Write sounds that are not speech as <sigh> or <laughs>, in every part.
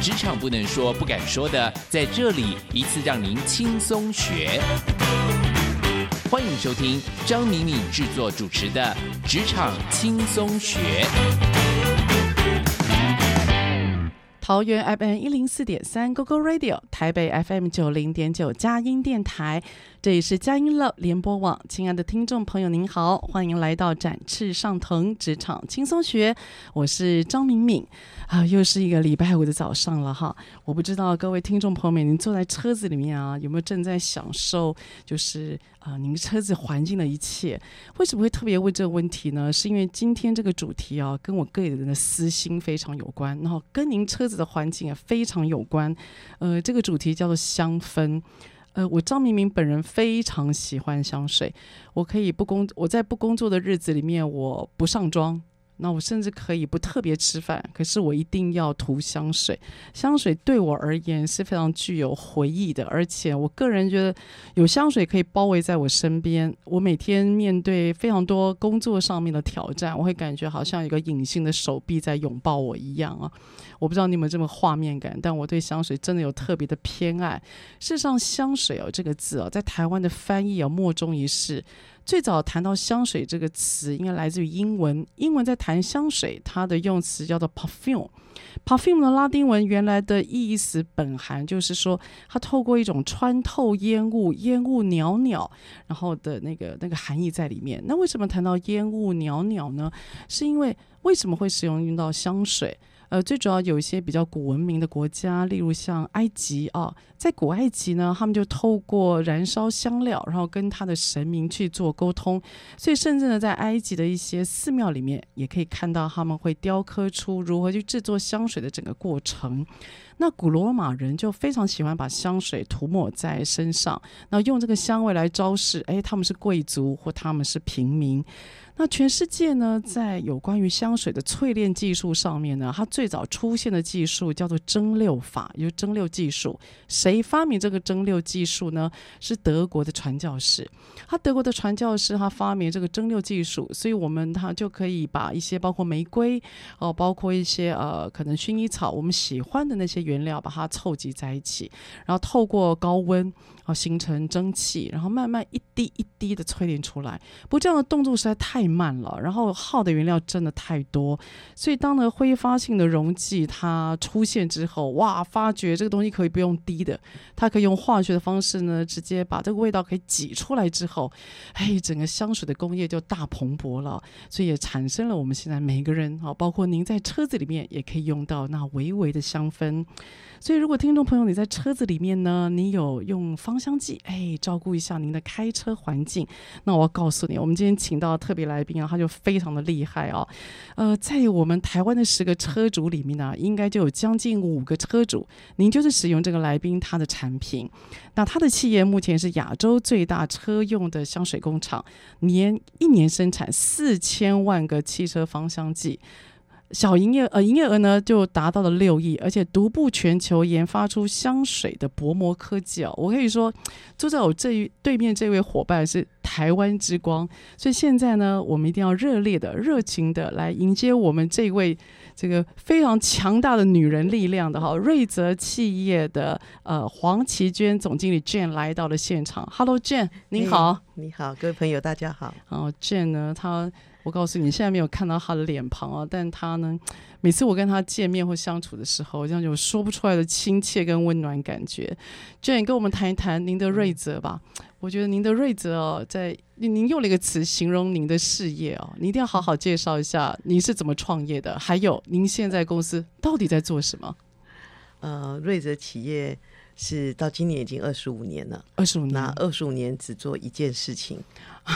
職場不能說、不敢說的，在這裡一次讓您輕鬆學。歡迎收聽張敏敏製作主持的《職場輕鬆學》。桃園 FM 一零四點三 Google Radio，台北 FM 九零點九佳音電台。這裡是佳音樂聯播網，親愛的聽眾朋友，您好，歡迎來到展翅上騰職場輕鬆學，我是張敏敏，啊，又是一個禮拜五的早上了哈，我不知道各位聽眾朋友們，您坐在車子裡面啊，有沒有正在享受，就是啊、呃，您車子環境的一切？為什麼會特別問這個問題呢？是因為今天這個主題啊，跟我個人的私心非常有關，然後跟您車子的環境啊非常有關，呃，這個主題叫做香氛。呃，我張明明本人非常喜歡香水。我可以不工作，我在不工作的日子裡面，我不上妝。那我甚至可以不特別吃飯，可是我一定要塗香水。香水對我而言是非常具有回憶的，而且我個人覺得有香水可以包圍在我身邊。我每天面對非常多工作上面的挑戰，我會感覺好像有一個隱形的手臂在擁抱我一樣啊！我不知道你們有這麼畫面感，但我對香水真的有特別的偏愛。事實上，香水哦、啊、這個字哦、啊，在台灣的翻譯啊，莫衷一是。最早談到香水這個詞，應該來自於英文。英文在談香水，它的用詞叫做 perfume。Perfume 的拉丁文原來的意思本含就是說，它透過一種穿透煙霧，煙霧裊裊，然後的那個那個含義在裡面。那為什麼談到煙霧裊裊呢？是因為為什麼會使用用到香水？呃，最主要有一些比較古文明的國家，例如像埃及啊、哦，在古埃及呢，他們就透過燃燒香料，然後跟他的神明去做溝通。所以，甚至呢，在埃及的一些寺廟裡面，也可以看到他們會雕刻出如何去制作香水的整個過程。那古羅馬人就非常喜歡把香水塗抹在身上，那用這個香味來昭示，哎，他們是貴族或他們是平民。那全世界呢，在有關於香水的淬煉技術上面呢，它最早出現的技術叫做蒸餾法，也就蒸餾技術。誰發明這個蒸餾技術呢？是德國的傳教士。他德國的傳教士，他發明這個蒸餾技術，所以我們他就可以把一些包括玫瑰哦、呃，包括一些呃可能薰衣草，我們喜歡的那些原料，把它湊集在一起，然後透過高溫然後、呃、形成蒸汽，然後慢慢一滴一滴的淬煉出來。不過這樣的動作實在太慢了，然後耗的原料真的太多，所以當呢揮發性的溶劑它出現之後，哇，發覺這個東西可以不用滴的，它可以用化學的方式呢，直接把這個味道可以擠出來之後，哎，整個香水的工業就大蓬勃了，所以也產生了我們現在每個人啊，包括您在車子裡面也可以用到那微微的香氛。所以，如果聽眾朋友你在車子裡面呢，你有用芳香劑，哎，照顧一下您的開車環境。那我告訴你，我們今天請到特別來賓啊，他就非常的厲害哦，啊。呃，在我們台灣的十個車主裡面呢，應該就有將近五個車主，您就是使用這個來賓他的產品。那他的企業目前是亞洲最大車用的香水工廠，年一年生產四千萬個汽車芳香劑。小營業，呃，營業額呢就達到了六億，而且獨步全球，研發出香水的薄膜科技哦。我可以說，坐在我這一對面這位夥伴是台灣之光，所以現在呢，我們一定要熱烈的、熱情的來迎接我們這位這個非常強大的女人力量的哈，睿澤企業的呃黃祺娟總經理 Jane 來到了現場。Hello，Jane，對你好，你好，各位朋友，大家好。哦，Jane 呢，她。我告訴你，你現在沒有看到他的臉龐啊，但他呢，每次我跟他見面或相處的時候，有種說不出來的親切跟溫暖感覺。也跟我們談一談您的睿澤吧。嗯、我覺得您的睿澤哦，在您用了一個詞形容您的事業哦，您一定要好好介紹一下，您是怎麼創業的，還有您現在公司到底在做什麼？呃，睿澤企業是到今年已經二十五年了，二十五那二十五年只做一件事情，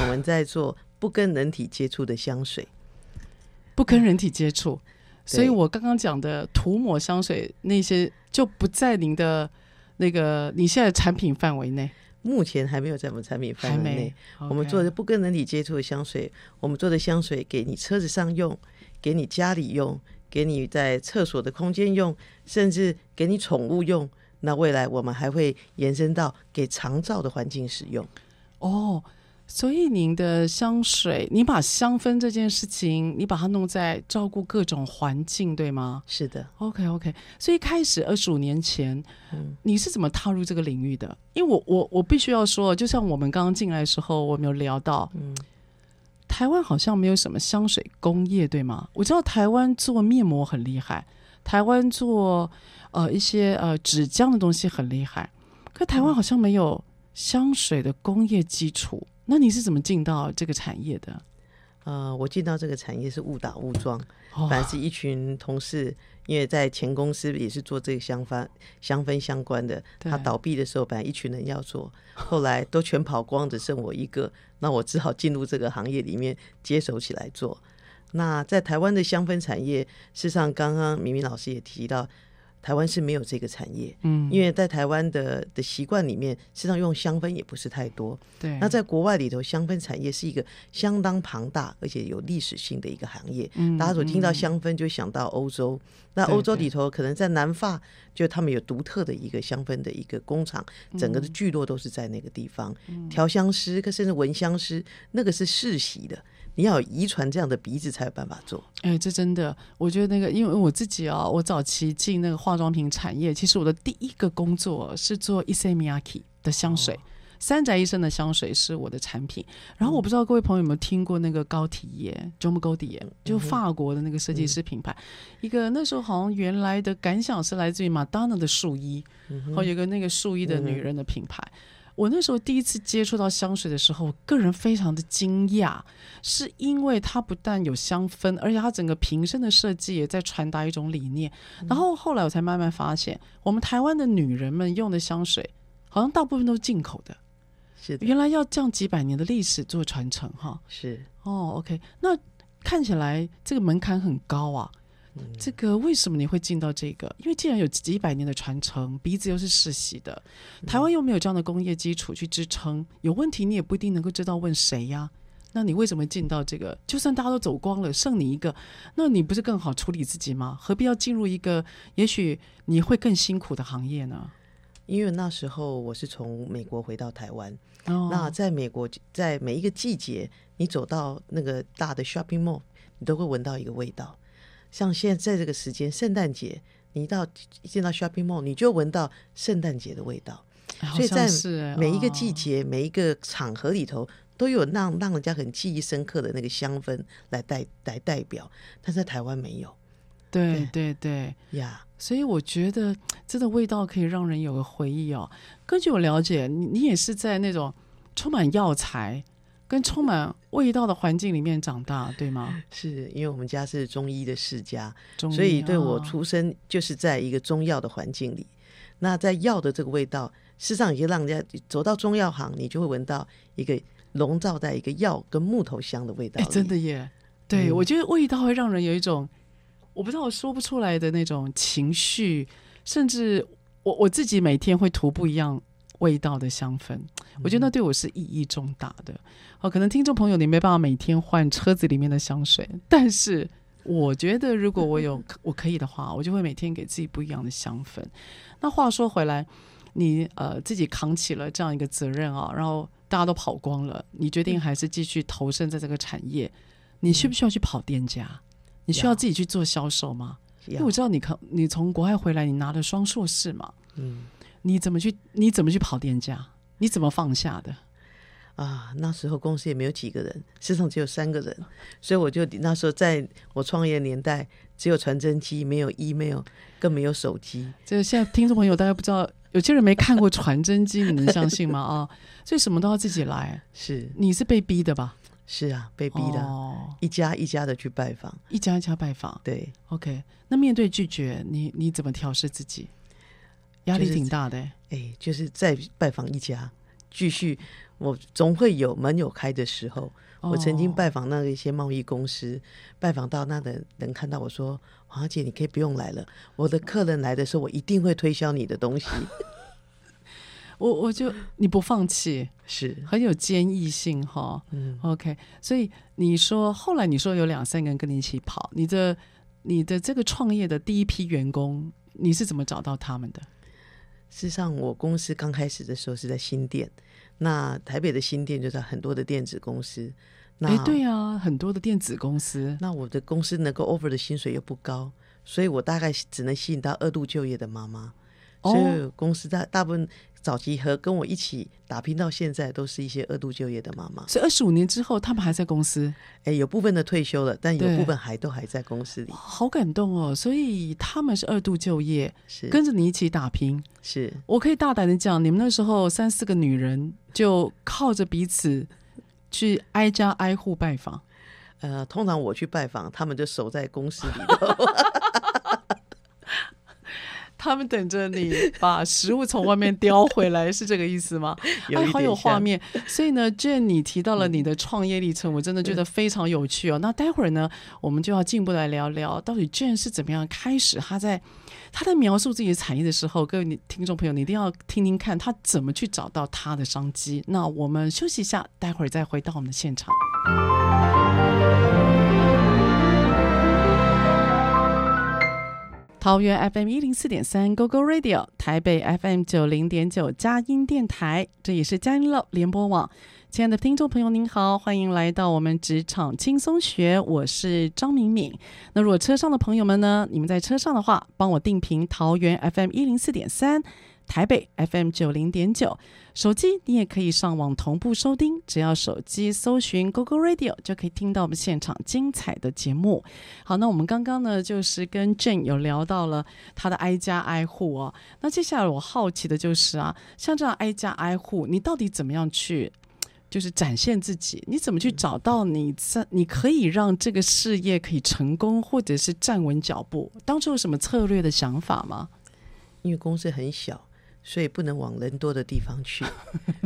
我們在做。 <laughs> 不跟人體接觸的香水，不跟人體接觸，對所以我剛剛講的塗抹香水那些就不在您的那個你現在的產品範圍內。目前還沒有在我們產品範圍內。Okay、我們做的不跟人體接觸的香水，我們做的香水給你車子上用，給你家裡用，給你在廁所的空間用，甚至給你寵物用。那未來我們還會延伸到給長照的環境使用。哦。所以您的香水，你把香氛這件事情，你把它弄在照顧各種環境，對嗎？是的，OK OK。所以一開始二十五年前，嗯，你是怎麼踏入這個領域的？因為我我我必須要說，就像我們剛剛進來的時候，我們有聊到，嗯，台灣好像沒有什麼香水工業，對嗎？我知道台灣做面膜很厲害，台灣做呃一些呃紙漿的東西很厲害，可台灣好像沒有香水的工業基礎。嗯那你是怎麼進到這個產業的？呃，我進到這個產業是誤打誤撞，反正、哦、是一群同事，因為在前公司也是做這個香氛香氛相關的，對他倒閉的時候，本來一群人要做，後來都全跑光，只剩我一個， <laughs> 那我只好進入這個行業裡面接手起來做。那在台灣的香氛產業，事實上剛剛明明老師也提到。台灣是沒有這個產業，嗯，因為在台灣的的習慣裡面，實際上用香氛也不是太多。對，那在國外裡頭，香氛產業是一個相當龐大而且有歷史性的一個行業。嗯、大家所聽到香氛就想到歐洲，嗯、那歐洲裡頭可能在南法，就他們有獨特的一個香氛的一個工廠，嗯、整個的聚落都是在那個地方。嗯、調香師，甚至聞香師，那個是世襲的。你要遺傳這樣的鼻子才有辦法做。哎、欸，這真的，我覺得那個，因為我自己啊，我早期進那個化妝品產業，其實我的第一個工作是做 Issey Miyake 的香水，哦、三宅一生的香水是我的產品。然後我不知道各位朋友有沒有聽過那個高緹耶，鐘木高緹耶，就法國的那個設計師品牌。嗯、哼一個那時候好像原來的感想是來自於瑪丹娜的樹衣，嗯、哼然後有一個那個樹衣的女人的品牌。嗯哼嗯我那時候第一次接觸到香水的時候，我個人非常的驚訝，是因為它不但有香氛，而且它整個瓶身的設計也在傳達一種理念。嗯、然後後來我才慢慢發現，我們台灣的女人們用的香水，好像大部分都是進口的。是的，原來要將幾百年的歷史做傳承，哈。是，哦、oh，OK，那看起來這個門檻很高啊。這個為什麼你會進到這個？因為既然有幾百年的傳承，鼻子又是世襲的，台灣又沒有這樣的工業基礎去支撐，有問題你也不一定能夠知道問誰呀。那你為什麼進到這個？就算大家都走光了，剩你一個，那你不是更好處理自己嗎？何必要進入一個也許你會更辛苦的行業呢？因為那時候我是從美國回到台灣，哦。那在美國，在每一個季節，你走到那個大的 shopping mall，你都會聞到一個味道。像現在，在這個時間，聖誕節，你到一到一見到 Shopping Mall，你就聞到聖誕節的味道。哎、好像是，所以在每一個季節、哦、每一個場合裡頭，都有讓讓人家很記憶深刻的那個香氛來代來代表，但在台灣沒有。對對對呀，Yeah 所以我覺得這個味道可以讓人有個回憶哦。根據我了解，你你也是在那種充滿藥材。跟充滿味道的環境裡面長大，對嗎？是因為我們家是中醫的世家，啊、所以對我出生就是在一個中藥的環境裡。那在藥的這個味道，事實上已經讓人家走到中藥行，你就會聞到一個籠罩在一個藥跟木頭香的味道。哎、欸，真的耶！對、嗯、我覺得味道會讓人有一種我不知道，我說不出來的那種情緒，甚至我我自己每天會塗不一樣。味道的香氛，我覺得那對我是意義重大的。好、嗯哦，可能聽眾朋友你沒辦法每天換車子裡面的香水，但是我覺得如果我有 <laughs> 我可以的話，我就會每天給自己不一樣的香氛。那話說回來，你呃自己扛起了這樣一個責任啊，然後大家都跑光了，你決定還是繼續投身在這個產業，嗯、你需不需要去跑店家？你需要自己去做銷售嗎？Yeah. 因為我知道你可你從國外回來，你拿了雙碩士嘛，嗯。你怎麼去？你怎麼去跑店家？你怎麼放下的？啊，那時候公司也沒有幾個人，市場只有三個人，所以我就那時候在我創業年代，只有傳真機，沒有 email，更沒有手機。這個現在聽眾朋友大家不知道， <laughs> 有些人沒看過傳真機， <laughs> 你能相信嗎？啊，所以什麼都要自己來。是，你是被逼的吧？是啊，被逼的。哦，一家一家的去拜訪，一家一家拜訪。對。OK，那面對拒絕，你你怎麼調適自己？就是、壓力挺大的，欸，哎，就是在拜訪一家，繼續，我總會有門有開的時候。我曾經拜訪那一些貿易公司，哦，拜訪到那的人看到我說：“黃小姐，你可以不用來了。”我的客人來的時候，我一定會推銷你的東西。哦， <laughs> 我我就你不放棄， <laughs> 是很有堅毅性哈，哦。嗯，OK。所以你說後來你說有兩三個人跟你一起跑，你的你的這個創業的第一批員工，你是怎麼找到他們的？事實上，我公司剛開始的時候是在新店，那台北的新店就在很多的電子公司。哎、欸，對啊，很多的電子公司。那我的公司能夠 offer 的薪水又不高，所以我大概只能吸引到二度就業的媽媽。所以公司大、哦、大部分早期和跟我一起打拼到現在，都是一些二度就業的媽媽。所以二十五年之後，他們還在公司。哎，有部分的退休了，但有部分還對都還在公司裡。好感動哦！所以他們是二度就業，是跟着你一起打拼。是，我可以大膽的講，你們那時候三四個女人就靠着彼此去挨家挨戶拜訪。呃，通常我去拜訪，他們就守在公司裡頭。 <laughs> 他們等着你把食物從外面叼回來， <laughs> 是這個意思嗎？ <laughs> 哎，好有畫面。所以呢，Jane，你提到了你的創業歷程，嗯、我真的覺得非常有趣哦。那待會兒呢，我們就要進一步來聊聊，到底 Jane 是怎麼樣開始，他在他在描述自己的產業的時候，各位你聽眾朋友，你一定要聽聽看他怎麼去找到他的商機。那我們休息一下，待會兒再回到我們的現場。桃園 FM 一零四點三，Go Go Radio，台北 FM 九零點九，佳音電台，這也是佳音樂聯播網。親愛的聽眾朋友，您好，歡迎來到我們職場輕鬆學，我是張敏敏。那如果車上的朋友們呢？你們在車上的話，幫我定頻桃園 FM 一零四點三。台北 FM 九零點九，手機你也可以上網同步收聽，只要手機搜尋 Google Radio 就可以聽到我們現場精彩的節目。好，那我們剛剛呢，就是跟 Jane 有聊到了她的挨家挨戶哦。那接下來我好奇的就是啊，像這樣挨家挨戶，你到底怎麼樣去，就是展現自己？你怎麼去找到你在？你可以讓這個事業可以成功，或者是站穩腳步？當初有什麼策略的想法嗎？因為公司很小。所以不能往人多的地方去，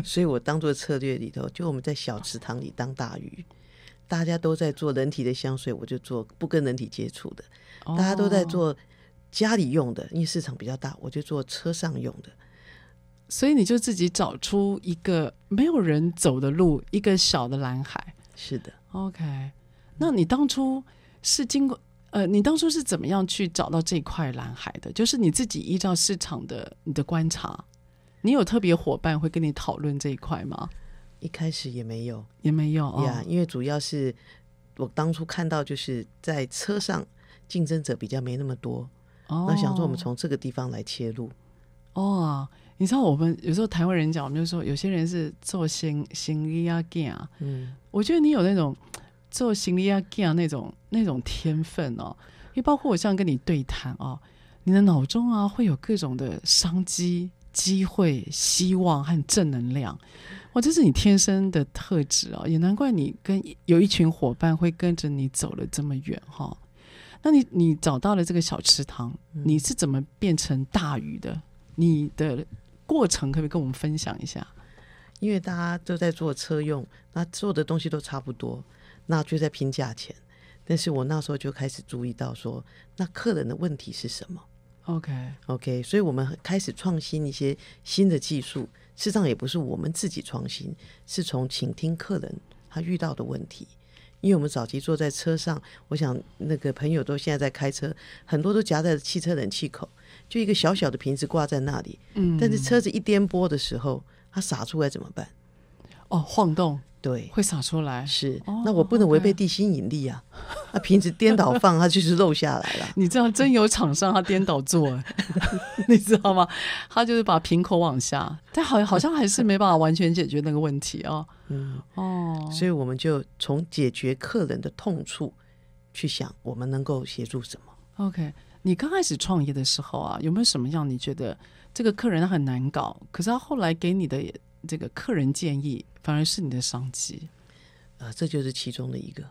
所以我當做策略裡頭，就我們在小池塘裡當大魚。大家都在做人體的香水，我就做不跟人體接觸的。大家都在做家裡用的，因為市場比較大，我就做車上用的。所以你就自己找出一個沒有人走的路，一個小的藍海。是的，OK。那你當初是經過？呃，你當初是怎麼樣去找到這塊藍海的？就是你自己依照市場的你的觀察，你有特別夥伴會跟你討論這一塊嗎？一開始也沒有，也沒有啊，哦、Yeah, 因為主要是我當初看到就是在車上競爭者比較沒那麼多，那、哦、想說我們從這個地方來切入。哦，你知道我們有時候台灣人講，我們就說有些人是做行行李啊，嗯，我覺得你有那種。做行李啊 g e a 那種那種天分哦，因為包括我像跟你對談哦，你的腦中啊會有各種的商機、機會、希望和正能量。哇、哦，這是你天生的特質哦，也難怪你跟一有一群夥伴會跟着你走了這麼遠哈、哦。那你你找到了這個小池塘，你是怎麼變成大魚的？你的過程可不可以跟我們分享一下，因為大家都在做車用，那做的東西都差不多。那就在拼價錢，但是我那時候就開始注意到說，那客人的問題是什麼？OK，OK，okay, 所以我們開始創新一些新的技術。事實上，也不是我們自己創新，是從傾聽客人他遇到的問題。因為我們早期坐在車上，我想那個朋友都現在在開車，很多都夾在汽車冷氣口，就一個小小的瓶子掛在那裡。嗯，但是車子一顛簸的時候，它灑出來怎麼辦？哦，晃動。對，會灑出來。是，哦、那我不能違背地心引力啊！那、哦 okay 啊、瓶子顛倒放，它 <laughs> 就是漏下來了。你知道，真有廠商他顛倒做， <laughs> <laughs> 你知道嗎？他就是把瓶口往下，但好，好像還是沒辦法完全解決那個問題啊、哦。是嗯，哦，所以我們就從解決客人的痛處去想，我們能夠協助什麼？OK，你剛開始創業的時候啊，有沒有什麼樣你覺得這個客人很難搞？可是他後來給你的也。這個客人建議反而是你的商機，啊、呃，這就是其中的一個。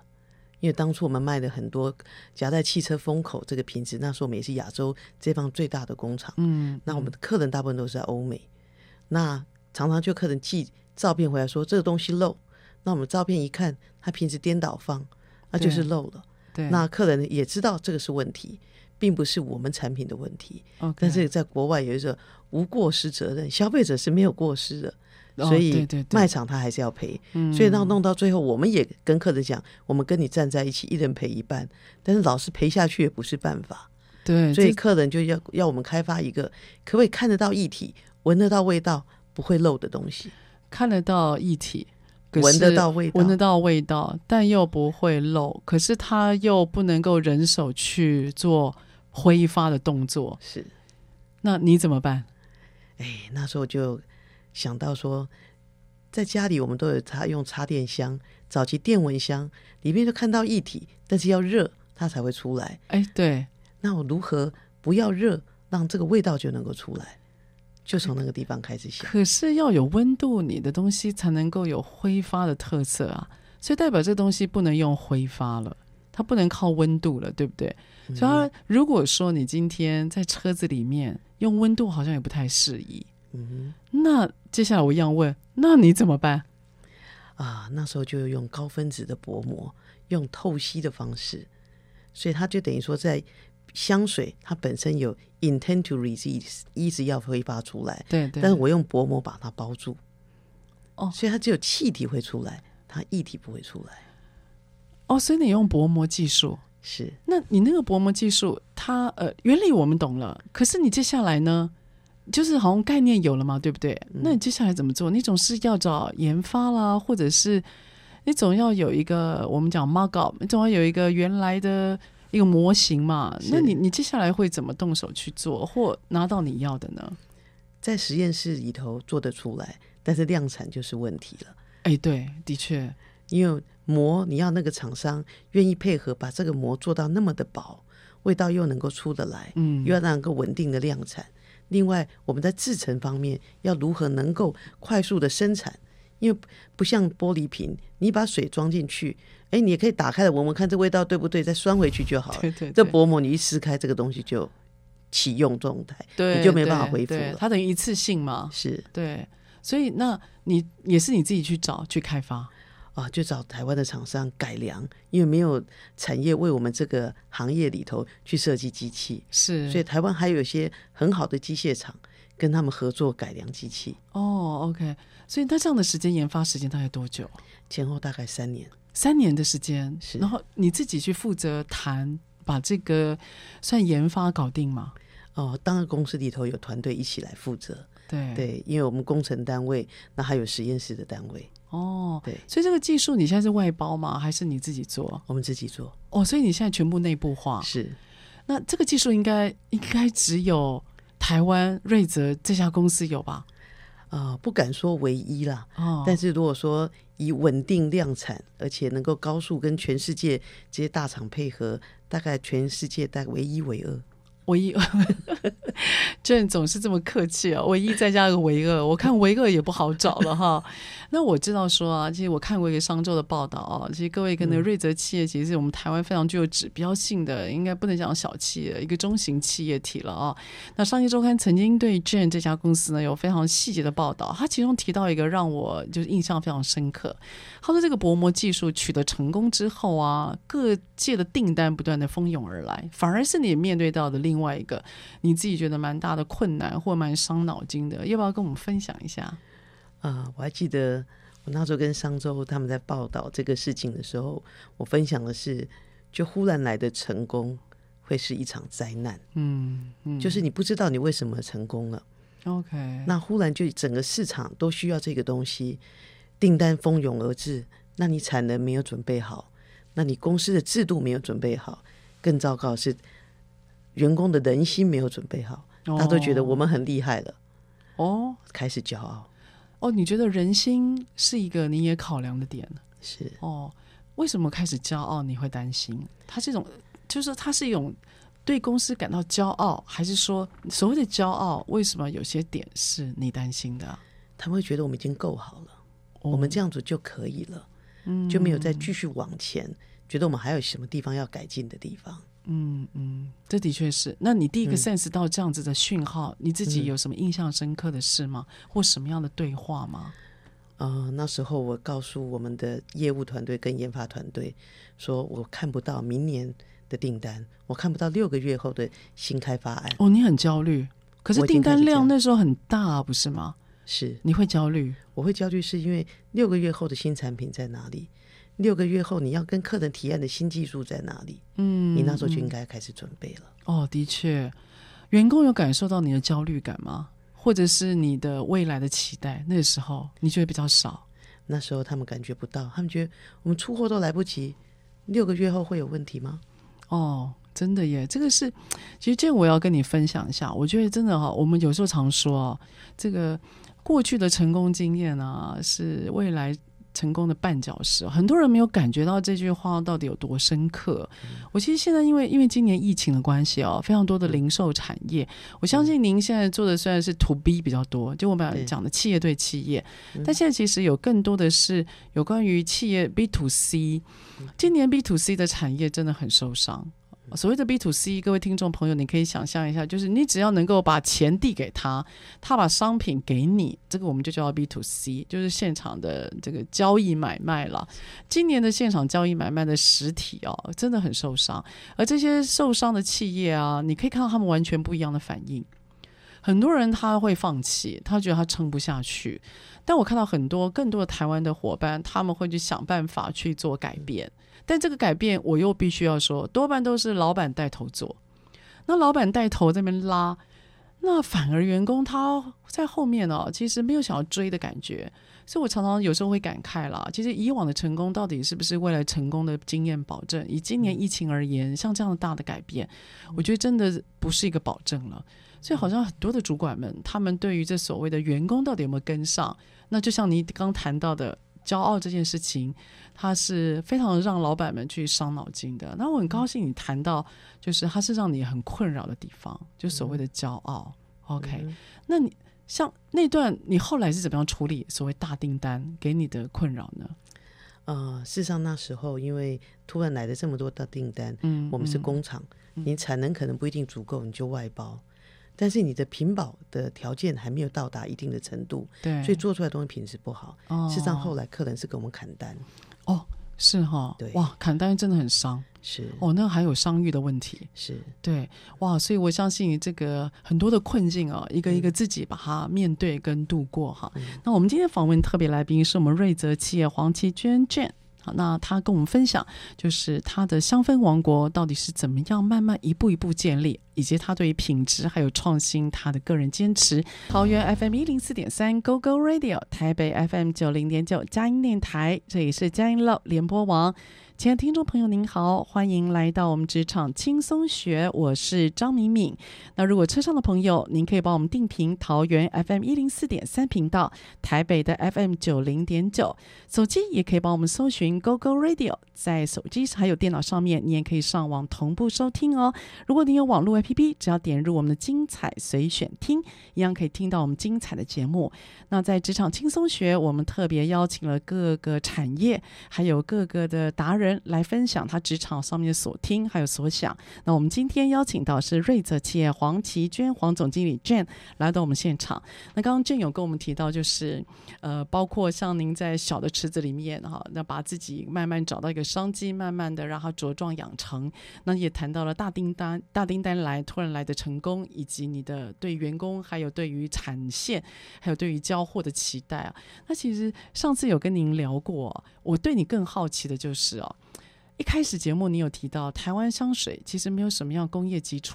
因為當初我們賣的很多夾在汽車風口這個瓶子，那時候我們也是亞洲這方最大的工廠。嗯，那我們的客人大部分都是在歐美，嗯、那常常就客人寄照片回來說這個東西漏，那我們照片一看，他瓶子顛倒放，那就是漏了。對，那客人也知道這個是問題，並不是我們產品的問題。哦對，但是在國外有一個無過失責任，對消費者是沒有過失的。哦、對對對，所以賣場他還是要賠，嗯、所以到弄到最後，我們也跟客人講，我們跟你站在一起，一人賠一半。但是老是賠下去也不是辦法，對，所以客人就要這要我們開發一個可不可以看得到液體、聞得到味道、不會漏的東西？看得到液體，是聞得到味道，聞得到味道，但又不會漏。可是他又不能夠人手去做揮發的動作，是。那你怎麼辦？哎，那時候就。想到說，在家裡我們都有插用插電香，早期電蚊香裡面就看到液體，但是要熱它才會出來。哎，對，那我如何不要熱，讓這個味道就能夠出來？就從那個地方開始想。可是要有溫度，你的東西才能夠有揮發的特色啊。所以代表這東西不能用揮發了，它不能靠溫度了，對不對？嗯，所以它如果說你今天在車子裡面用溫度，好像也不太適宜。嗯，那接下來我一樣問，那你怎麼辦？啊，那時候就用高分子的薄膜，用透析的方式，所以它就等於說，在香水它本身有 intent to resist，一直要揮發出來，對，對，對，但是我用薄膜把它包住，哦、oh，所以它只有氣體會出來，它液體不會出來。哦，oh, 所以你用薄膜技術是？那你那個薄膜技術，它呃原理我們懂了，可是你接下來呢？就是好像概念有了嘛，對不對？那你接下來怎麼做？你總是要找研發啦，或者是你總要有一個我們講 m o c 總要有一個原來的一個模型嘛。是那你你接下來會怎麼動手去做，或拿到你要的呢？在實驗室裡頭做得出來，但是量產就是問題了。哎，對，的確，因為膜你要那個廠商願意配合，把這個膜做到那麼的薄，味道又能夠出得來，嗯，又要讓個穩定的量產。另外，我們在製程方面要如何能夠快速的生產？因為不像玻璃瓶，你把水裝進去，哎、欸，你也可以打開來聞聞看這味道對不對，再拴回去就好了。 <laughs> 對對對，這薄膜你一撕開，這個東西就啟用狀態，對、對，你就沒辦法恢復對對對，它等於一次性嘛。是對，所以那你也是你自己去找去開發。啊，就找台灣的廠商改良，因為沒有產業為我們這個行業裡頭去設計機器，是，所以台灣還有一些很好的機械廠跟他們合作改良機器。哦，OK，所以那這樣的時間研发時間大概多久？前後大概三年，三年的時間。是，然後你自己去負責談，把這個算研发搞定嗎？哦，當然公司裡頭有團隊一起來負責。對對，因為我們工程單位，那還有實驗室的單位。哦，對，所以這個技術你現在是外包嗎？還是你自己做？我們自己做。哦，所以你現在全部內部化。是，那這個技術應該應該只有台灣睿澤這家公司有吧？呃，不敢說唯一啦。哦，但是如果說以穩定量產，而且能夠高速跟全世界這些大廠配合，大概全世界大概唯一唯二。唯我一， <laughs> Jane 總是這麼客氣啊、哦！唯一再加一個唯二，我看唯二也不好找了哈。 <laughs> 那我知道說啊，其實我看過一個商周的報道啊，其實各位可能瑞澤企業其實是我們台灣非常具有指標性的，嗯、應該不能講小企業，一個中型企業體了啊。那商業周刊曾經對 Jane 這家公司呢有非常細節的報道，它其中提到一個讓我就是印象非常深刻。他說這個薄膜技術取得成功之後啊，各界的訂單不斷的蜂擁而來，反而是你面對到的另。另外一個，你自己覺得蠻大的困難，或蠻傷腦筋的，要不要跟我們分享一下？啊、呃，我還記得我那時候跟商周他們在報道這個事情的時候，我分享的是，就忽然來的成功會是一場災難。嗯嗯，嗯，就是你不知道你為什麼成功了。OK，那忽然就整個市場都需要這個東西，訂單蜂擁而至，那你產能沒有準備好，那你公司的制度沒有準備好，更糟糕的是。員工的人心沒有準備好，他都覺得我們很厲害了，哦，開始驕傲，哦，你覺得人心是一個你也考量的點？是哦，為什麼開始驕傲？你會擔心他這種，就是他是一種對公司感到驕傲，還是說所謂的驕傲？為什麼有些點是你擔心的？他們會覺得我們已經夠好了，哦，我們這樣子就可以了，就沒有再繼續往前，嗯，覺得我們還有什麼地方要改進的地方？嗯嗯，這的確是。那你第一個 sense 到這樣子的訊號，嗯、你自己有什麼印象深刻的事嗎？嗯、或什麼樣的對話嗎？啊、呃，那時候我告訴我們的業務團隊跟研發團隊，說我看不到明年的訂單，我看不到六個月後的新開發案。哦，你很焦慮，可是訂單量那時候很大啊，不是嗎？是，你會焦慮，我會焦慮，是因為六個月後的新產品在哪裡？六個月後，你要跟客人體驗的新技術在哪裡？嗯，你那時候就應該開始準備了。哦，的確，員工有感受到你的焦慮感嗎？或者是你的未來的期待？那時候你覺得比較少，那時候他們感覺不到，他們覺得我們出貨都來不及。六個月後會有問題嗎？哦，真的耶，這個是，其實這我要跟你分享一下。我覺得真的哈，我們有時候常說啊，這個過去的成功經驗啊，是未來。成功的絆腳石，很多人沒有感覺到這句話到底有多深刻。嗯、我其實現在因為因為今年疫情的關係哦，非常多的零售產業，我相信您現在做的雖然是 to B 比較多，就我們講的企業對企業，對但現在其實有更多的是有關於企業 B to C。今年 B to C 的產業真的很受傷。所謂的 B to C，各位聽眾朋友，你可以想象一下，就是你只要能夠把錢遞給他，他把商品給你，這個我們就叫 B to C，就是現場的這個交易買賣了。今年的現場交易買賣的實體哦，真的很受傷，而這些受傷的企業啊，你可以看到他們完全不一樣的反應。很多人他會放棄，他覺得他撐不下去，但我看到很多更多的台灣的夥伴，他們會去想辦法去做改變。但這個改變，我又必須要說，多半都是老闆帶頭做。那老闆帶頭在那邊拉，那反而員工他在後面呢、哦？其實沒有想要追的感覺。所以我常常有時候會感慨啦，其實以往的成功到底是不是未來成功的經驗保證？以今年疫情而言，嗯、像這樣的大的改變，我覺得真的不是一個保證了。所以好像很多的主管們，他們對於這所謂的員工到底有沒有跟上，那就像你剛談到的。驕傲這件事情，它是非常讓老闆們去傷腦筋的。那我很高興你談到，就是它是讓你很困擾的地方，就所謂的驕傲。OK，那你像那段，你後來是怎麼樣處理所謂大訂單給你的困擾呢？呃，事實上那時候因為突然來的這麼多的訂單，嗯，我們是工廠，你、嗯、產能可能不一定足夠，嗯、你就外包。但是你的品保的條件還沒有到達一定的程度，對，所以做出來的東西品質不好。哦，事實上後來客人是給我們砍單。哦，是哈，對，哇，砍單真的很傷，是哦，那還有商譽的問題，是對，哇，所以我相信這個很多的困境啊、哦，一個一個自己把它面對跟度過哈。嗯、那我們今天訪問特別來賓是我們瑞澤企業黃祺娟 Jane 好，那他跟我們分享，就是他的香氛王國到底是怎麼樣慢慢一步一步建立，以及他對於品質還有創新他的個人堅持。桃園 FM 一零四點三 GoGo Radio，台北 FM 九零點九佳音電臺，這裡是佳音 Love 聯播網。親愛的聽眾朋友，您好，歡迎來到我們職場輕鬆學，我是張敏敏。那如果車上的朋友，您可以幫我們定頻桃園 FM 一零四點三頻道，台北的 FM 九零點九，手機也可以幫我們搜尋 GoGo Radio，在手機還有電腦上面，你也可以上網同步收聽哦。如果您有網絡 APP，只要點入我們的精彩隨選聽，一樣可以聽到我們精彩的節目。那在職場輕鬆學，我們特別邀請了各個產業還有各個的達人。來分享他職場上面的所聽還有所想。那我們今天邀請到是睿澤企業黃祺娟黃總經理 Jane 來到我們現場。那剛剛 Jane 有跟我們提到，就是呃，包括像您在小的池子裡面哈，那把自己慢慢找到一個商機，慢慢的讓它茁壯養成。那也談到了大訂單，大訂單來突然來的成功，以及你的對員工，還有對於產線，還有對於交貨的期待啊。那其實上次有跟您聊過。我對你更好奇的就是哦，一開始節目你有提到台灣香水其實沒有什麼樣工業基礎。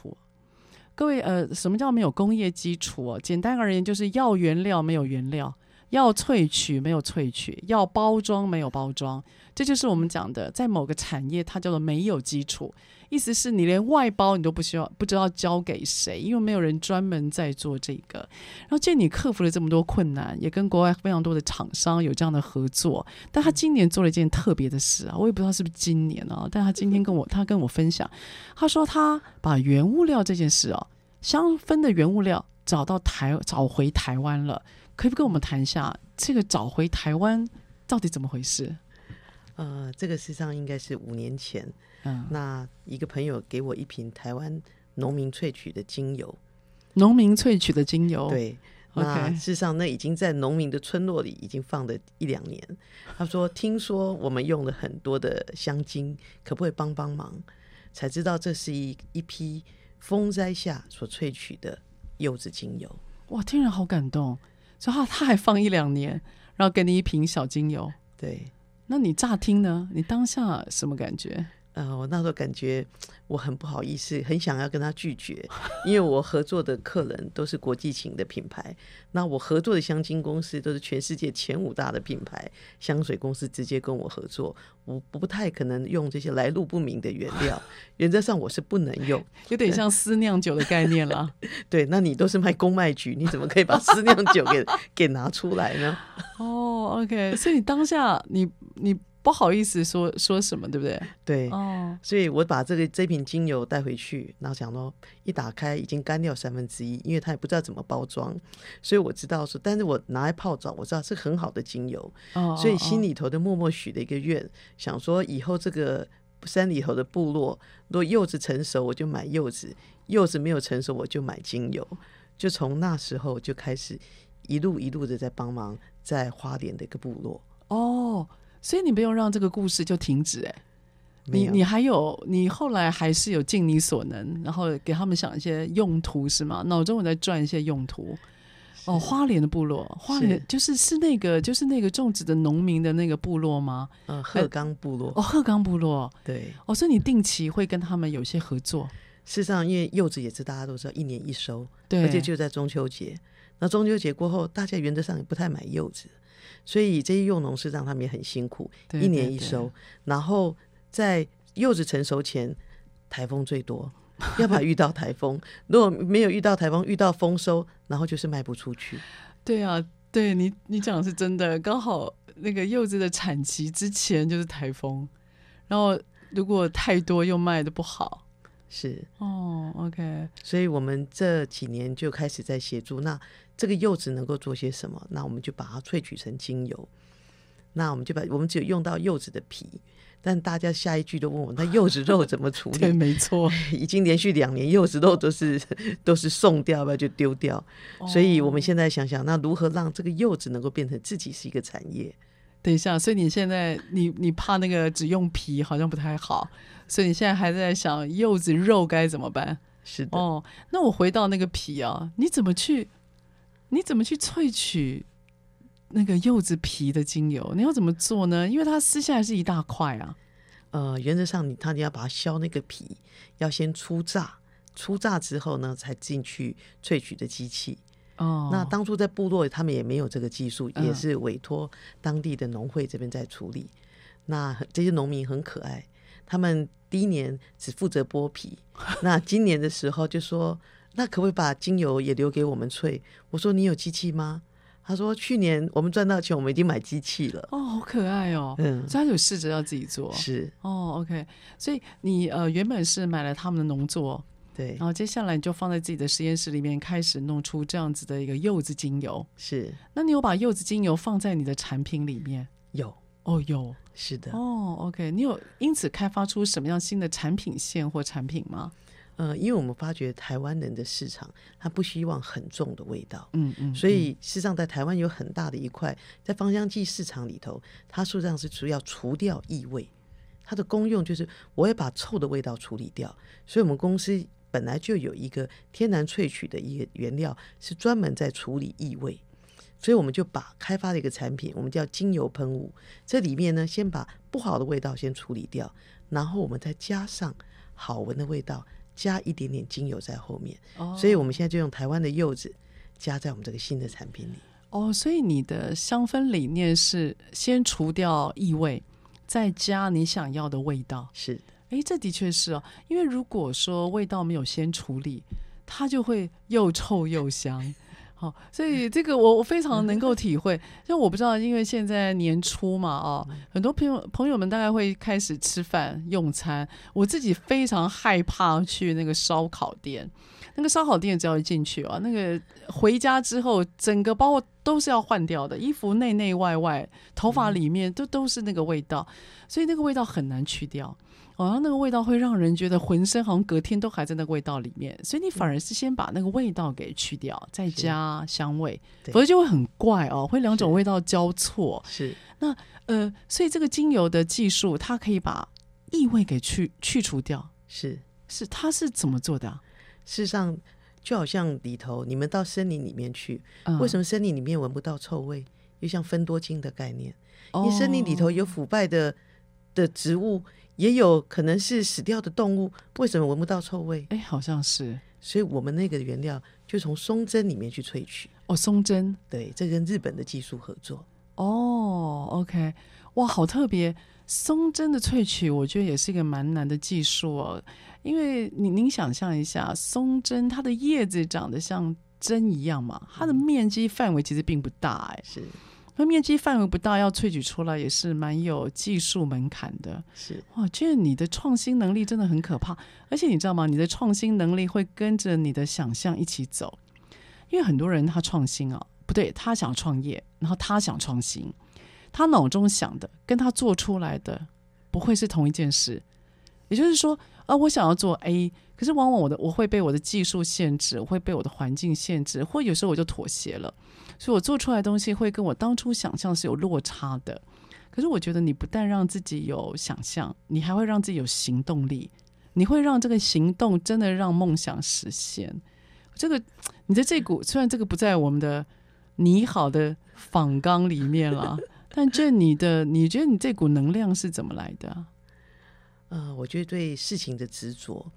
各位呃，什麼叫沒有工業基礎？簡單而言，就是要原料沒有原料，要萃取沒有萃取，要包裝沒有包裝，這就是我們講的在某個產業它叫做沒有基礎。意思是，你連外包你都不需要，不知道交給誰，因為沒有人專門在做這個。然後，見你克服了這麼多困難，也跟國外非常多的廠商有這樣的合作，但他今年做了一件特別的事啊，我也不知道是不是今年啊，但他今天跟我，他跟我分享，他說他把原物料這件事哦、啊，香氛的原物料找到台找回台灣了，可不可以跟我們談一下這個找回台灣到底怎麼回事？呃，這個事實上應該是五年前。嗯，那一個朋友給我一瓶台灣農民萃取的精油，農民萃取的精油，對，Okay 那事實上那已經在農民的村落裡已經放了一兩年。他說：“ <laughs> 聽說我們用了很多的香精，可不可以幫幫忙？”才知道這是一一批風災下所萃取的柚子精油。哇，聽人好感動，說他他還放一兩年，然後給你一瓶小精油。對，那你乍聽呢？你當下什麼感覺？啊，我、呃、那時候感覺我很不好意思，很想要跟他拒絕，因為我合作的客人都是國際型的品牌，那我合作的香精公司都是全世界前五大的品牌，香水公司直接跟我合作，我不太可能用這些來路不明的原料，原則上我是不能用， <laughs> 有點像私釀酒的概念了。 <laughs> 對，那你都是賣公賣局，你怎麼可以把私釀酒給 <laughs> 給拿出來呢？哦、oh,，OK，所以當下你你，你不好意思說，說說什麼對不對？對，oh. 所以我把這個這瓶精油帶回去，然後想到一打開已經乾掉三分之一，因為他也不知道怎麼包裝，所以我知道說，但是我拿來泡澡，我知道是很好的精油，oh. 所以心裡頭的默默許了一個願，oh. 想說以後這個山裡頭的部落，如果柚子成熟，我就買柚子；柚子沒有成熟，我就買精油。就從那時候就開始一路一路的在幫忙，在花蓮的一個部落哦。Oh. 所以你不用讓這個故事就停止哎、欸，有你你還有你後來還是有盡你所能，然後給他們想一些用途是嗎？腦中我在轉一些用途。是哦，花蓮的部落，花蓮是就是是那個就是那個種植的農民的那個部落嗎？嗯，鶴岡部落。呃、哦，鶴岡部落。對。我說、哦、你定期會跟他們有些合作。事實上，因為柚子也是大家都知道一年一收，對，而且就在中秋節。那中秋節過後，大家原則上也不太買柚子。所以這些柚農，是讓他們也很辛苦。對對對，一年一收，然後在柚子成熟前，台風最多，要不要遇到颱風。 <laughs> 如果沒有遇到颱風，遇到豐收，然後就是賣不出去。對啊，對你你講的是真的。剛好那個柚子的產期之前就是颱風，然後如果太多又賣的不好。是哦，oh,，OK，所以我們這幾年就開始在協助。那這個柚子能夠做些什麼？那我們就把它萃取成精油。那我們就把我們只有用到柚子的皮，但大家下一句都問我，那柚子肉怎麼處理？ <laughs> 對，沒錯， <laughs> 已經連續兩年柚子肉都是都是送掉，不要就丟掉。所以我們現在想想，那如何讓這個柚子能夠變成自己是一個產業？等一下，所以你現在你你怕那個只用皮好像不太好。所以你現在還在想柚子肉該怎麼辦？是的哦。那我回到那個皮啊,你怎麼去？你怎麼去萃取那個柚子皮的精油？你要怎麼做呢？因為它撕下來是一大塊啊。呃，原則上你，他你要把它削那個皮，要先出榨，出榨之後呢，才進去萃取的機器。哦。那當初在部落，他們也沒有這個技術，也是委托當地的農會這邊在處理。嗯。那這些農民很可愛。他們第一年只負責剝皮，那今年的時候就說，那可不可以把精油也留給我們萃？我說你有機器嗎？他說去年我們賺到錢，我們已經買機器了。哦，好可愛哦。嗯，所以他有試着要自己做。是。哦，OK，所以你呃原本是買了他們的農作，對，然後接下來你就放在自己的實驗室裡面開始弄出這樣子的一個柚子精油。是。那你有把柚子精油放在你的產品裡面？有。哦，oh, 有是的。哦、oh，OK，你有因此開發出什麼樣新的產品線或產品嗎？呃，因為我們發覺台灣人的市場，他不希望很重的味道。嗯,嗯嗯，所以事實上，在台灣有很大的一塊，在芳香劑市場裡頭，它實際上是主要除掉異味。它的功用就是我也把臭的味道處理掉。所以，我們公司本來就有一個天然萃取的一個原料，是專門在處理異味。所以我們就把開發的一個產品，我們叫精油噴霧。這裡面呢，先把不好的味道先處理掉，然後我們再加上好聞的味道，加一點點精油在後面。哦，所以我們現在就用台灣的柚子加在我們這個新的產品裡。哦，所以你的香氛理念是先除掉異味，再加你想要的味道。是，哎，這的確是哦。因為如果說味道沒有先處理，它就會又臭又香。 <laughs> 好，哦、所以這個我我非常能夠體會，因為我不知道，因為現在年初嘛，哦，很多朋友朋友們大概會開始吃飯用餐。我自己非常害怕去那個燒烤店，那個燒烤店只要一進去啊，那個回家之後整個包括都是要換掉的衣服，內內外外頭髮裡面都都是那個味道，所以那個味道很難去掉。好像、哦、那個味道會讓人覺得渾身好像隔天都還在那個味道裡面，所以你反而是先把那個味道給去掉，嗯、再加香味，對，否則就會很怪哦，會兩種味道交錯。是，那呃，所以這個精油的技術，它可以把異味給去去除掉。是是，它是怎麼做的、啊？事實上，就好像裡頭你們到森林裡面去，嗯、為什麼森林裡面聞不到臭味？又像芬多精的概念，哦、因為森林裡頭有腐敗的的植物。也有可能是死掉的動物，為什麼聞不到臭味？哎、欸，好像是，所以我們那個原料就從松針裡面去萃取。哦，松針，對，這跟日本的技術合作。哦，OK，哇，好特別，松針的萃取，我覺得也是一個蠻難的技術哦，因為你您想象一下，松針它的葉子長得像針一樣嘛，它的面積範圍其實並不大，哎，是。那面積範圍不大，要萃取出來也是蠻有技術門檻的。是哇，其實你的創新能力真的很可怕，而且你知道嗎？你的創新能力會跟着你的想象一起走。因為很多人他創新啊，不對，他想創業，然後他想創新，他腦中想的跟他做出來的不會是同一件事。也就是說，啊、呃，我想要做 A，可是往往我的我會被我的技術限制，我會被我的環境限制，或有時候我就妥協了。所以，我做出來的東西會跟我當初想象是有落差的。可是，我覺得你不但讓自己有想象，你還會讓自己有行動力。你會讓這個行動真的讓夢想實現。這個，你的這股，雖然這個不在我們的擬好的訪綱裡面啦， <laughs> 但這你的，你覺得你這股能量是怎麼來的？呃，我覺得對事情的執着，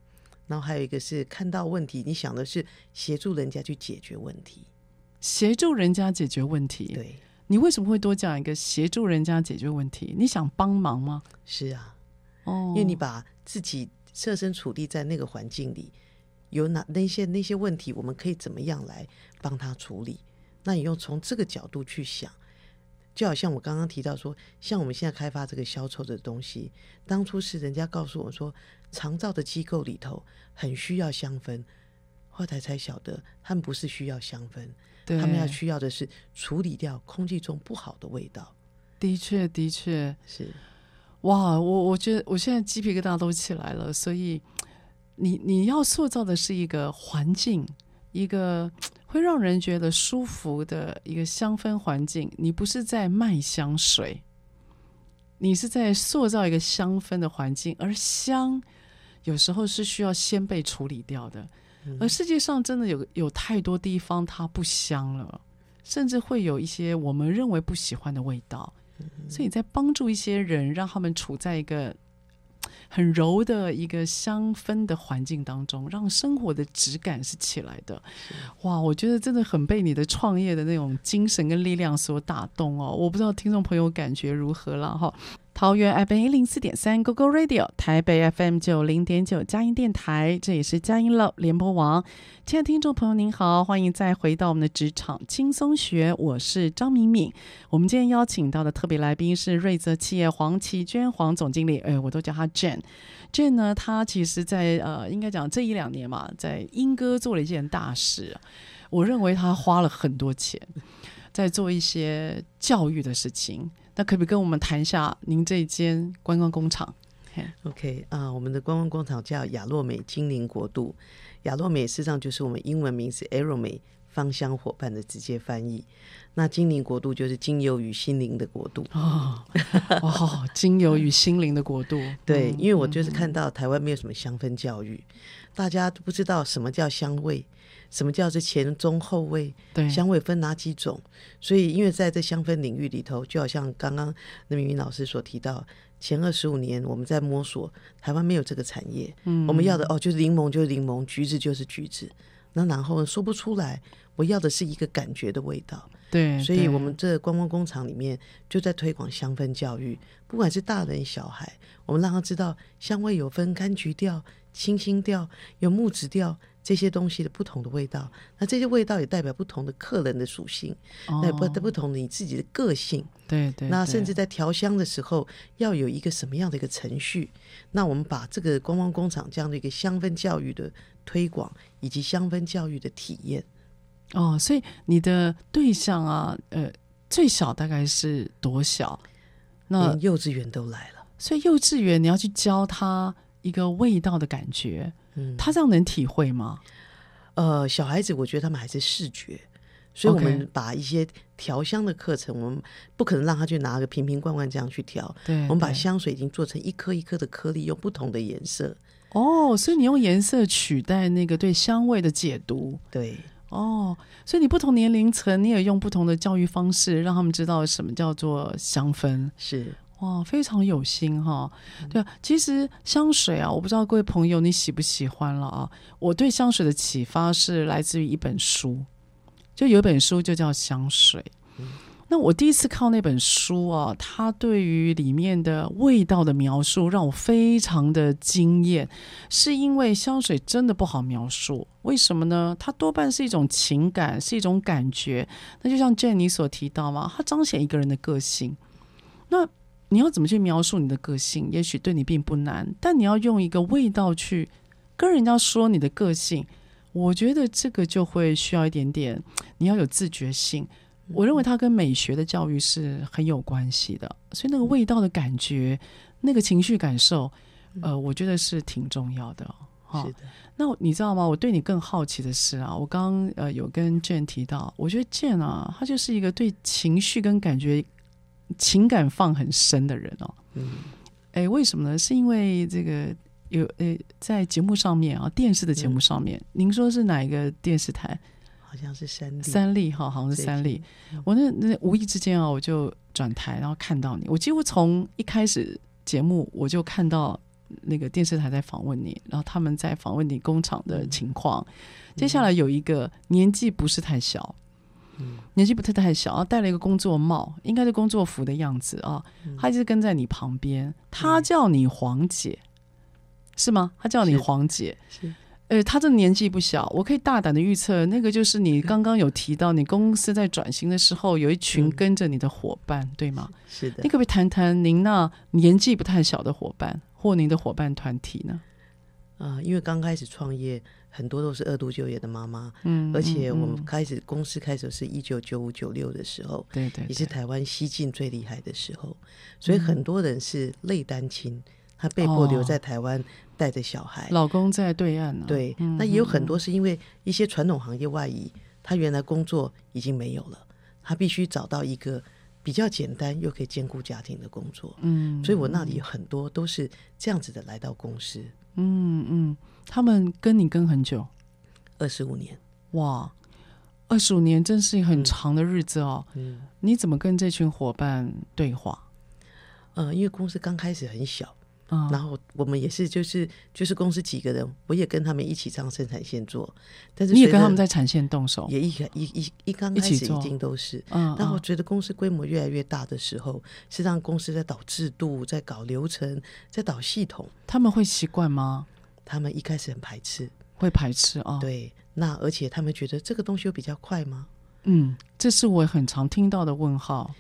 然後還有一個是看到問題，你想的是協助人家去解決問題。協助人家解決問題，對。你為什麼會多講一個協助人家解決問題？你想幫忙嗎？是啊，哦，因為你把自己設身處地在那個環境裡，有哪那些那些問題，我們可以怎麼樣來幫他處理？那你要從這個角度去想，就好像我剛剛提到說，像我們現在開發這個消臭的東西，當初是人家告訴我說，長照的機構裡頭很需要香氛。後台才，才曉得，他們不是需要香氛，對他們要需要的是處理掉空氣中不好的味道。的確，的確，是哇！我我覺得我現在雞皮疙瘩都起來了。所以你，你你要塑造的是一個環境，一個會讓人覺得舒服的一個香氛環境。你不是在賣香水，你是在塑造一個香氛的環境，而香有時候是需要先被處理掉的。而世界上真的有有太多地方它不香了，甚至會有一些我們認為不喜歡的味道，嗯、哼所以在幫助一些人，讓他們處在一個很柔的一個香氛的環境當中，讓生活的質感是起來的。是哇，我覺得真的很被你的創業的那種精神跟力量所打動哦！我不知道聽眾朋友感覺如何了哈。桃園 FM 一零四點三，Google Radio，台北 FM 九零點九，佳音電台，這也是佳音 Love 聯播網。親愛的聽眾朋友，您好，歡迎再回到我們的職場輕鬆學，我是張敏敏。我們今天邀請到的特別來賓是瑞澤企業黃祺娟，黃總經理，哎，我都叫她 Jane。Jane 呢，她其實在，在呃，應該講這一兩年嘛，在英哥做了一件大事，我認為她花了很多錢。在做一些教育的事情，那可不可以跟我們談一下您這間觀光工廠？OK 啊，uh，我們的觀光工廠叫亞諾美精靈國度。亞諾美事實上就是我們英文名是 Aromi 芳香夥伴的直接翻譯。那精靈國度就是精油與心靈的國度。哦哦，oh, oh, 精油與心靈的國度。 <laughs> 對，因為我就是看到台灣沒有什麼香氛教育，大家都不知道什麼叫香味。什麼叫這前中後味？對，香味分哪幾種？所以，因為在這香氛領域裡頭，就好像剛剛那明雲老師所提到，前二十五年我們在摸索，台灣沒有這個產業，嗯、我們要的哦，就是檸檬就是檸檬，橘子就是橘子，那然後說不出來，我要的是一個感覺的味道。對，對，所以我們這觀光工廠裡面就在推廣香氛教育，不管是大人小孩，我們讓他知道香味有分柑橘調、清新調，有木質調。這些東西的不同的味道，那這些味道也代表不同的客人的屬性，哦、也代表不同的你自己的個性，對，對對。那甚至在調香的時候，要有一個什麼樣的一個程序？那我們把這個觀光工廠這樣的一個香氛教育的推廣，以及香氛教育的體驗。哦，所以你的對象啊，呃，最小大概是多小？嗯、那幼稚園都來了，所以幼稚園你要去教他。一個味道的感覺，嗯，他這樣能體會嗎？嗯。呃，小孩子我覺得他們還是視覺，所以我們把一些調香的課程，Okay 我們不可能讓他去拿個瓶瓶罐罐這樣去調。對，我們把香水已經做成一顆一顆的顆粒，用不同的顏色。哦，所以你用顏色取代那個對香味的解讀。對，哦，所以你不同年齡層你也用不同的教育方式，讓他們知道什麼叫做香氛是。哦，非常有心哈，對啊，其實香水啊，我不知道各位朋友你喜不喜歡了啊。我對香水的啟發是來自於一本書，就有一本書就叫香水。那我第一次看那本書啊，它對於裡面的味道的描述讓我非常的驚艷，是因為香水真的不好描述。為什麼呢？它多半是一種情感，是一種感覺。那就像 Jane 你所提到嘛，它彰顯一個人的個性。那你要怎麼去描述你的個性？也許對你並不難，但你要用一個味道去跟人家說你的個性，我覺得這個就會需要一點點，你要有自覺性。嗯、我認為它跟美學的教育是很有關係的，所以那個味道的感覺，嗯、那個情緒感受，呃，我覺得是挺重要的。好、哦、是的、那你知道嗎？我對你更好奇的是啊，我剛剛，呃，有跟 Jane 提到，我覺得 Jane 啊，他就是一個對情緒跟感覺。情感放很深的人哦，嗯，哎、欸，為什麼呢？是因為這個有，呃、欸，在節目上面啊，電視的節目上面，嗯、您說是哪一個電視台？好像是 D, 三三立哈，好像是三立。嗯、我那那無意之間啊，我就轉台，然後看到你。我幾乎從一開始節目，我就看到那個電視台在訪問你，然後他們在訪問你工廠的情況。嗯、接下來有一個年紀不是太小。年紀不太太小啊，然後戴了一個工作帽，應該是工作服的樣子啊、哦。他一直跟在你旁邊，他叫你黃姐，嗯、是，是嗎？他叫你黃姐，是。是呃，他這年紀不小，我可以大膽的預測，那個就是你剛剛有提到，你公司在轉型的時候，有一群跟着你的夥伴，嗯、對嗎是？是的。你可不可以談談您那年紀不太小的夥伴，或您的夥伴團體呢？啊，因為剛開始創業。很多都是二度就業的媽媽，嗯，而且我們開始公司開始是一九九五九六的時候，對對，也是台灣西進最厲害的時候，所以很多人是類單親，他被迫留在台灣帶着小孩，老公在對岸呢，對，那也有很多是因為一些傳統行業外移，他原來工作已經沒有了，他必須找到一個比較簡單又可以兼顧家庭的工作，嗯，所以我那裡有很多都是這樣子的來到公司，嗯嗯。他們跟你跟很久，二十五年。哇，二十五年真是很長的日子哦。嗯嗯，你怎麼跟這群夥伴對話？呃，因為公司剛開始很小，嗯，然後我們也是就是就是公司幾個人，我也跟他們一起這樣生產線做。但是也你也跟他們在產線動手，也一開一一一剛開始一定都是。嗯，但我覺得公司規模越來越大的時候，是讓公司在導制度、在搞流程、在導系統。他們會習慣嗎？他們一開始很排斥。會排斥哦。對，那而且他們覺得這個東西又比較快嗎？嗯，這是我很常聽到的問號。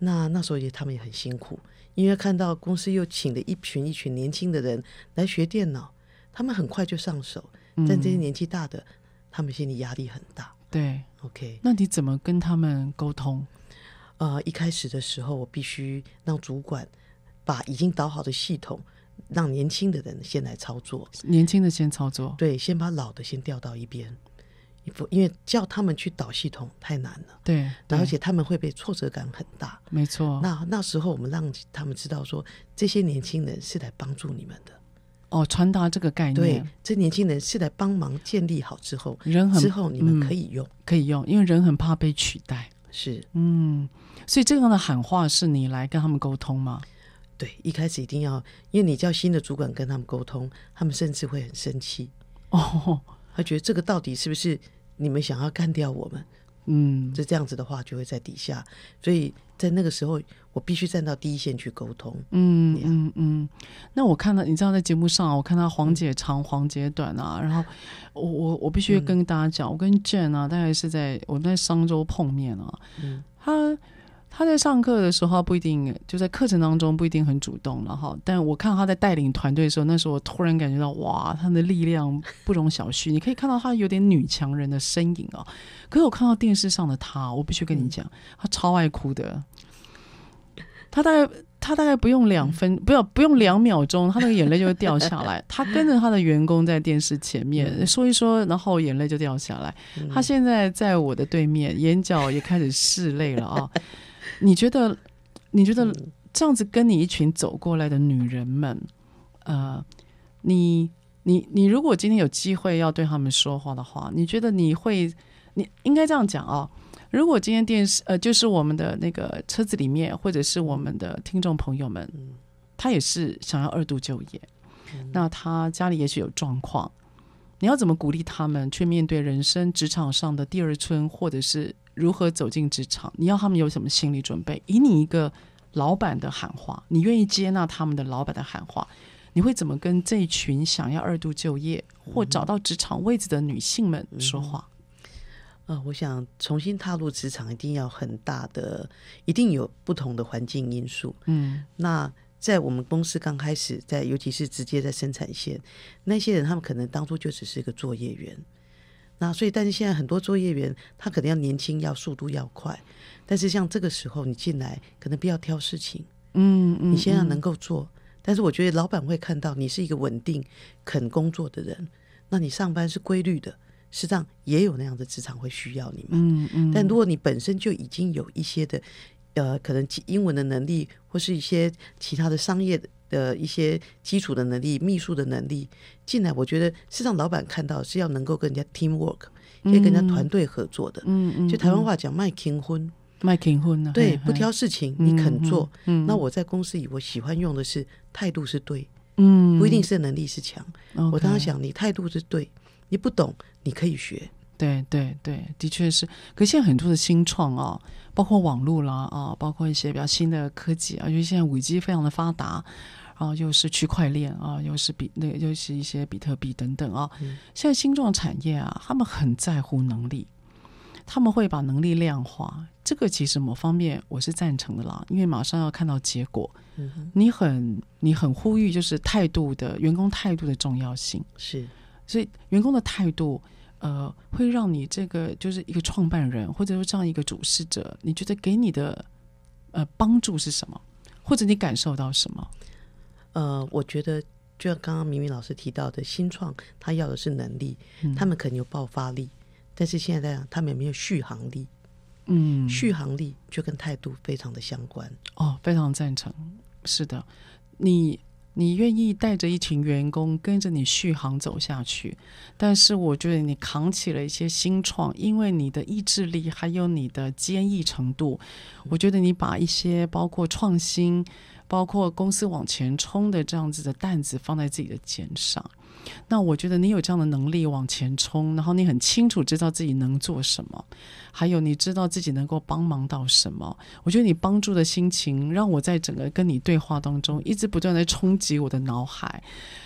那那時候也他們也很辛苦，因為看到公司又請了一群一群年輕的人來學電腦，他們很快就上手，但、嗯、這些年紀大的，他們心理壓力很大。對，OK，那你怎麼跟他們溝通？呃，一開始的時候，我必須讓主管把已經導好的系統。讓年輕的人先來操作，年輕的先操作，對，先把老的先調到一邊，因為叫他們去導系統太難了，對，對而且他們會被挫折感很大，沒錯。那那時候我們讓他們知道說，這些年輕人是來幫助你們的，哦，傳達這個概念。對，這年輕人是來幫忙建立好之後，人很之後你們可以用、嗯，可以用，因為人很怕被取代，是，嗯，所以這樣的喊話是你來跟他們溝通嗎？對，一開始一定要，因為你叫新的主管跟他們溝通，他們甚至會很生氣哦，他覺得這個到底是不是你們想要幹掉我們？嗯，就這樣子的話，就會在底下，所以在那個時候，我必須站到第一線去溝通。嗯 Yeah 嗯嗯。那我看到，你知道在節目上，我看到黃姐長，黃姐短啊，然後我我我必須跟大家講，嗯、我跟 Jane 啊，大概是在我們在商周碰面啊，嗯、他。他在上課的時候不一定，就在課程當中不一定很主動，然後但我看他在帶領團隊的時候，那時候我突然感覺到哇，他的力量不容小覷。 <laughs> 你可以看到他有點女強人的身影啊、哦。可是我看到電視上的他，我必須跟你講，他超愛哭的。他大概他大概不用兩分， <laughs> 不要不用兩秒鐘，他那個眼淚就會掉下來。 <laughs> 他跟着他的員工在電視前面 <laughs> 說一說，然後眼淚就掉下來。 <laughs> 他現在在我的對面，眼角也開始拭淚了啊、哦。你覺得？你覺得這樣子跟你一群走過來的女人們，呃，你、你、你，如果今天有機會要對他們說話的話，你覺得你會？你應該這樣講啊、哦！如果今天電視，呃，就是我們的那個車子裡面，或者是我們的聽眾朋友們，他也是想要二度就業，那他家裡也許有狀況，你要怎麼鼓勵他們去面對人生、職場上的第二春，或者是？如何走進職場？你要他們有什麼心理準備？以你一個老闆的喊話，你願意接納他們的老闆的喊話？你會怎麼跟這群想要二度就業或找到職場位置的女性們說話？嗯嗯嗯、呃，我想重新踏入職場，一定要很大的，一定有不同的環境因素。嗯，那在我們公司剛開始，在尤其是直接在生產線那些人，他們可能當初就只是一個作業員。那所以，但是現在很多作業員他可能要年輕，要速度要快。但是像這個時候你進來，可能不要挑事情，嗯嗯，嗯，你先要能夠做。嗯、但是我覺得老闆會看到你是一個穩定、肯工作的人。嗯、那你上班是規律的，實際上也有那樣的職場會需要你們、嗯。嗯嗯。但如果你本身就已經有一些的，呃，可能英文的能力或是一些其他的商業的，的一些基礎的能力，秘書的能力進來，我覺得是讓老闆看到是要能夠跟人家 teamwork，可以、嗯、跟人家團隊合作的。嗯嗯，嗯就台灣話講，賣勤婚，賣勤婚啊，對，嘿嘿不挑事情，你肯做。嗯，那我在公司裡，我喜歡用的是態、嗯、度是對，嗯，不一定是能力是強。嗯、我常常想，你態度是對，你不懂你可以學。對對對，的確是。可是現在很多的新創哦、啊，包括網絡啦啊，包括一些比較新的科技啊，因為現在 5G 非常的發達，然、啊、後又是區塊鏈啊，又是比那個，又是一些比特幣等等啊。嗯、現在新創產業啊，他們很在乎能力，他們會把能力量化。這個其實某方面我是贊成的啦，因為馬上要看到結果。嗯、哼你很你很呼籲就是態度的員工態度的重要性是，所以員工的態度。呃，會讓你這個就是一個創辦人，或者說這樣一個主事者，你覺得給你的呃幫助是什麼，或者你感受到什麼？呃，我覺得就像剛剛明明老師提到的，新創他要的是能力，他們可能有爆發力，嗯、但是現在來講，他們有沒有續航力？嗯，續航力就跟態度非常的相關。哦，非常贊成。是的，你。你願意帶着一群員工跟着你續航走下去，但是我覺得你扛起了一些新創，因為你的意志力還有你的堅毅程度，我覺得你把一些包括創新、包括公司往前衝的這樣子的擔子放在自己的肩上。那我覺得你有這樣的能力往前衝，然後你很清楚知道自己能做什麼，還有你知道自己能夠幫忙到什麼。我覺得你幫助的心情讓我在整個跟你對話當中一直不斷在衝擊我的腦海，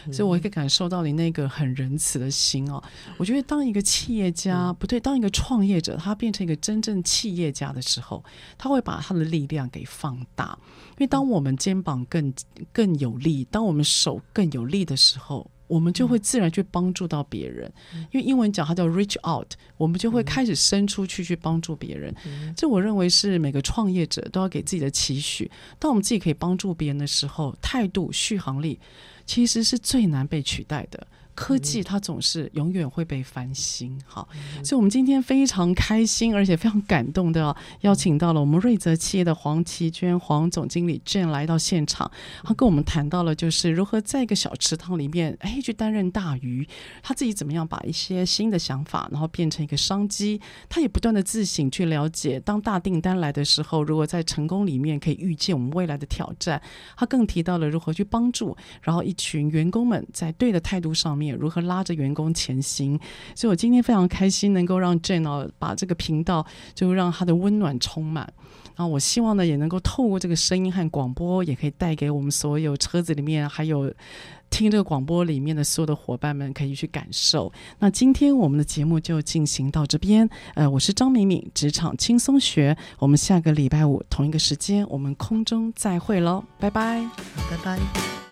嗯、所以我可以感受到你那個很仁慈的心哦、啊。我覺得當一個企業家、嗯、不對，當一個創業者，他變成一個真正企業家的時候，他會把他的力量給放大，因為當我們肩膀更更有力，當我們手更有力的時候。我們就會自然去幫助到別人，因為英文講它叫 reach out，我們就會開始伸出去去幫助別人。這我認為是每個創業者都要給自己的期許。當我們自己可以幫助別人的時候，態度、續航力其實是最難被取代的。科技它總是永遠會被翻新，好，所以我們今天非常開心，而且非常感動的、啊、邀請到了我們睿澤企業的黃祺娟黃總經理 Jane 來到現場，他跟我們談到了就是如何在一個小池塘裡面，哎，去擔任大魚。他自己怎麼樣把一些新的想法，然後變成一個商機，他也不斷的自省去了解，當大訂單來的時候，如果在成功裡面可以預見我們未來的挑戰，他更提到了如何去幫助，然後一群員工們在對的態度上。也如何拉着員工前行？所以，我今天非常開心能夠讓 Jane 把這個頻道就讓他的溫暖充滿。然後，啊，我希望呢也能夠透過這個聲音和廣播，也可以帶給我們所有車子裡面還有聽這個廣播裡面的所有的夥伴們可以去感受。那今天我們的節目就進行到這邊。呃，我是張敏敏，職場輕鬆學。我們下個禮拜五同一個時間，我們空中再會嘍，拜拜，拜拜。